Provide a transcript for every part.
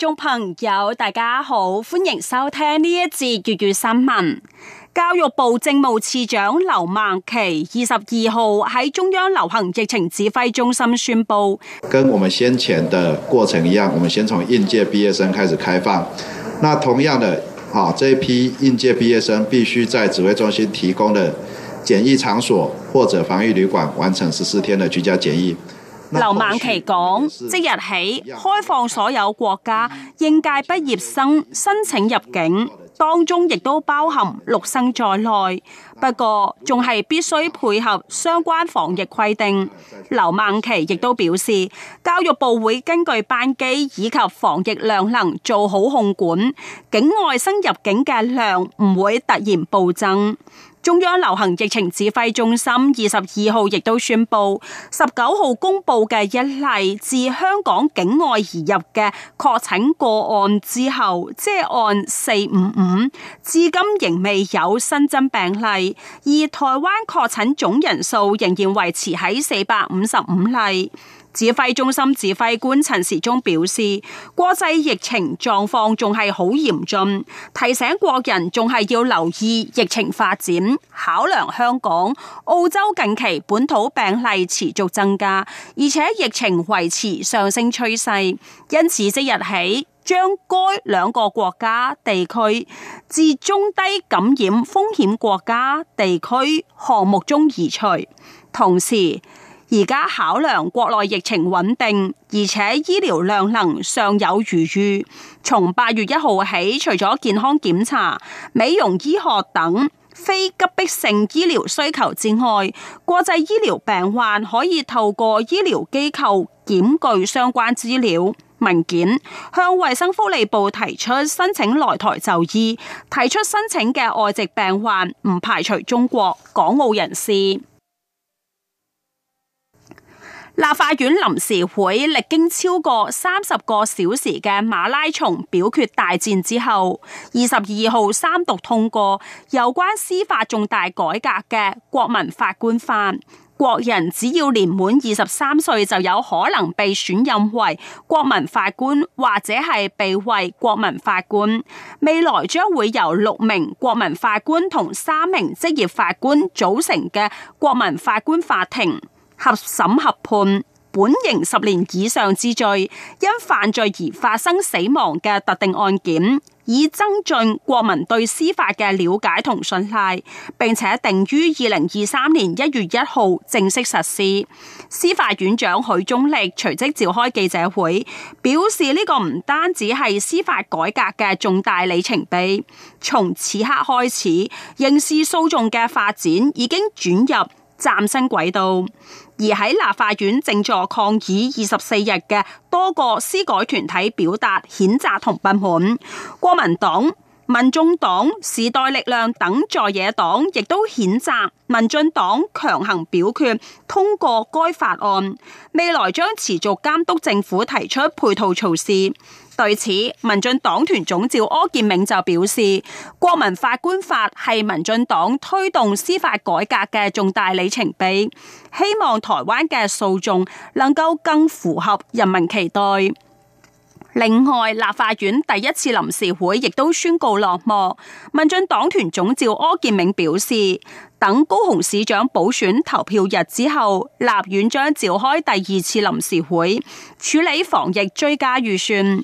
眾朋友，大家好，歡迎收聽呢一節粵語新聞。教育部政務次長劉孟奇二十二號喺中央流行疫情指揮中心宣布，跟我們先前的過程一樣，我們先從應屆畢業生開始開放。那同樣的，啊，這一批應屆畢業生必須在指揮中心提供的檢疫場所或者防疫旅館完成十四天的居家檢疫。劉孟奇講，即日起開放所有國家應屆畢業生申請入境，當中亦都包含陸生在內。不過，仲係必須配合相關防疫規定。劉孟奇亦都表示，教育部會根據班機以及防疫量能做好控管，境外生入境嘅量唔會突然暴增。中央流行疫情指揮中心二十二號亦都宣布，十九號公布嘅一例自香港境外移入嘅確診個案之後，即案四五五，至今仍未有新增病例，而台灣確診總人數仍然維持喺四百五十五例。指揮中心指揮官陳時中表示，國際疫情狀況仲係好嚴峻，提醒國人仲係要留意疫情發展，考量香港、澳洲近期本土病例持續增加，而且疫情維持上升趨勢，因此即日起將該兩個國家地區自中低感染風險國家地區項目中移除，同時。而家考量國內疫情穩定，而且醫療量能尚有餘裕。從八月一號起，除咗健康檢查、美容醫學等非急迫性醫療需求之外，國際醫療病患可以透過醫療機構檢具相關資料文件，向衛生福利部提出申請來台就醫。提出申請嘅外籍病患唔排除中國、港澳人士。立法院臨時會歷經超過三十個小時嘅馬拉松表決大戰之後，二十二號三讀通過有關司法重大改革嘅《國民法官法》，國人只要年滿二十三歲就有可能被選任為國民法官，或者係備位國民法官。未來將會由六名國民法官同三名職業法官組成嘅國民法官法庭。合審合判，本刑十年以上之罪，因犯罪而發生死亡嘅特定案件，以增進國民對司法嘅了解同信賴，並且定於二零二三年一月一號正式實施。司法院長許宗力隨即召開記者會，表示呢個唔單止係司法改革嘅重大里程碑，從此刻開始，刑事訴訟嘅發展已經轉入嶄新軌道。而喺立法院正坐抗議二十四日嘅多個司改團體表達譴責同不滿，國民黨、民眾黨、時代力量等在野黨亦都譴責民進黨強行表決通過該法案，未來將持續監督政府提出配套措施。對此，民進黨團總召柯建銘就表示，國民法官法係民進黨推動司法改革嘅重大里程碑，希望台灣嘅訴訟能夠更符合人民期待。另外，立法院第一次臨時會亦都宣告落幕。民進黨團總召柯建銘表示，等高雄市長補選投票日之後，立院將召開第二次臨時會，處理防疫追加預算。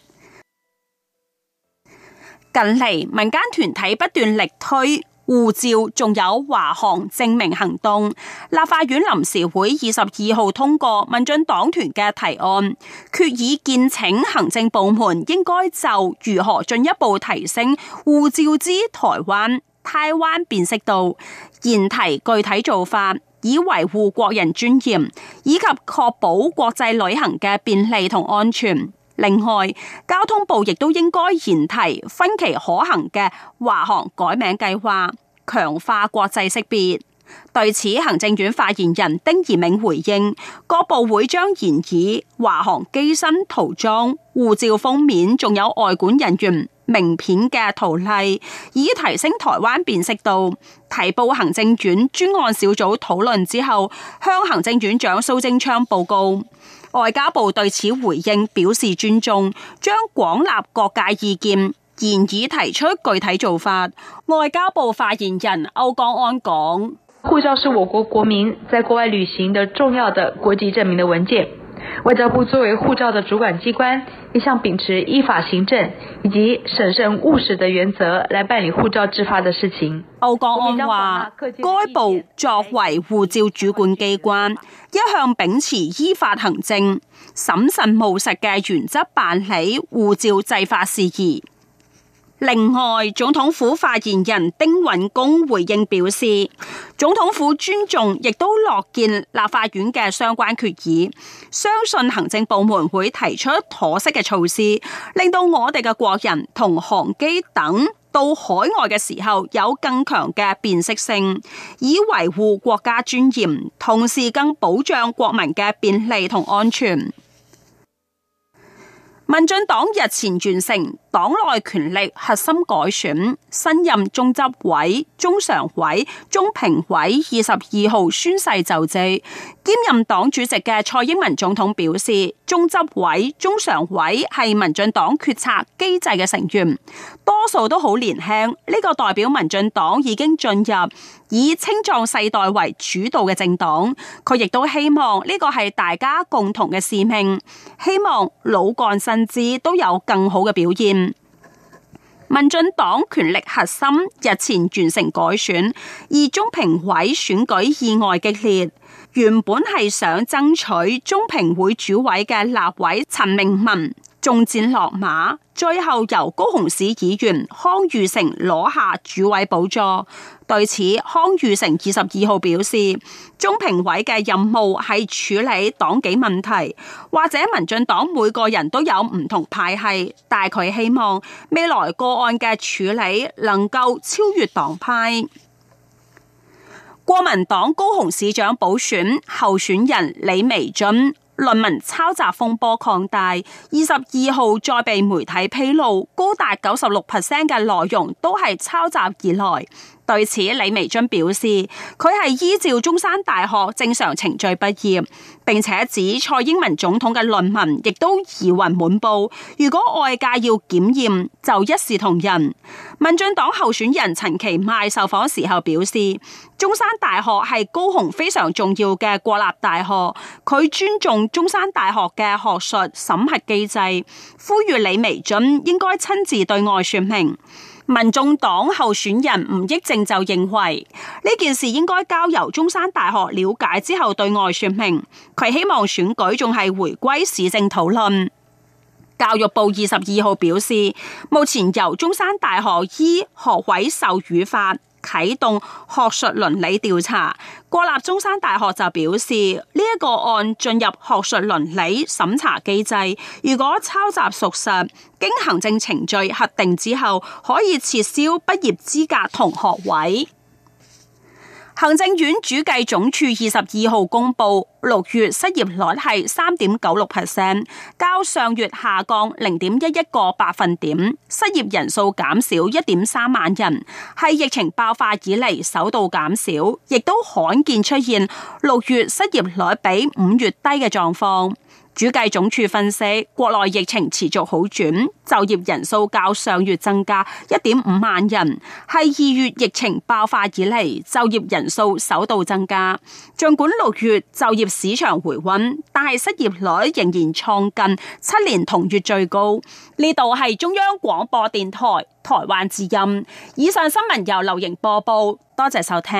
近嚟民間團體不斷力推護照，仲有華航正名行動。立法院臨時會二十二號通過民進黨團嘅提案，決議建請行政部門應該就如何進一步提升護照之台灣、台灣辨識度，研提具體做法，以維護國人尊嚴，以及確保國際旅行嘅便利同安全。另外，交通部亦都應該研提分期可行嘅華航改名計劃，強化國際識別。對此，行政院發言人丁怡銘回應：各部會將研擬華航機身塗裝、護照封面，仲有外館人員名片嘅圖例，以提升台灣辨識度。提報行政院專案小組討論之後，向行政院長蘇貞昌報告。外交部對此回應表示尊重，將廣納各界意見，現已提出具體做法。外交部發言人歐江安講，護照是我國國民在國外旅行的重要的國籍證明的文件。外交部作為護照的主管機關，一向秉持依法行政以及審慎務實的原則來辦理護照製發的事情。歐國安話，該部作為護照主管機關，一向秉持依法行政、審慎務實嘅原則辦理護照製發事宜。另外，總統府發言人丁允恭回應表示，總統府尊重亦都樂見立法院嘅相關決議，相信行政部門會提出妥適嘅措施，令到我哋嘅國人同航機等到海外嘅時候有更強嘅辨識性，以維護國家尊嚴，同時更保障國民嘅便利同安全。民進黨日前完成。黨內權力核心改選，新任中執委、中常委、中評委二十二號宣誓就職。兼任黨主席嘅蔡英文總統表示，中執委、中常委係民進黨決策機制嘅成員，多數都好年輕。呢個代表民進黨已經進入以青壯世代為主導嘅政黨。佢亦都希望呢個係大家共同嘅使命，希望老幹新枝都有更好嘅表現。民進黨權力核心日前完成改選，而中評委選舉意外激烈，原本係想爭取中評會主委嘅立委陳明文。重戰落馬，最後由高雄市議員康裕成攞下主委寶座。對此，康裕成二十二號表示，中評委嘅任務係處理黨紀問題，或者民進黨每個人都有唔同派系，但佢希望未來個案嘅處理能夠超越黨派。國民黨高雄市長補選候選人李眉蓁。論文抄襲風波擴大，二十二號再被媒體披露，高達九十六%嘅內容都係抄襲而來。對此，李眉蓁表示，佢係依照中山大學正常程序畢業，並且指蔡英文總統嘅論文亦都疑雲滿布。如果外界要檢驗，就一視同仁。民進黨候選人陳其邁受訪時候表示，中山大學係高雄非常重要嘅國立大學，佢尊重中山大學嘅學術審核機制，呼籲李眉蓁應該親自對外說明。民眾黨候選人吳益政就認為呢件事應該交由中山大學了解，之後對外說明，佢希望選舉仲係回歸市政討論。教育部二十二號表示，目前由中山大學醫學位授予法，啟動學術倫理調查。國立中山大學就表示，呢一個案進入學術倫理審查機制，如果抄襲屬實，經行政程序核定之後，可以撤銷畢業資格同學位。行政院主計總處二十二號公布，六月失業率係三點九六 percent，較上月下降零點一一個百分點，失業人數減少一點三萬人，係疫情爆發以嚟首度減少，亦都罕見出現六月失業率比五月低嘅狀況。主計總處分析，國內疫情持續好轉，就業人數較上月增加一點五萬人，係二月疫情爆發以嚟就業人數首度增加。儘管六月就業市場回溫，但係失業率仍然創近七年同月最高。呢度係中央廣播電台台灣之音，以上新聞由流瑩播報，多謝收聽。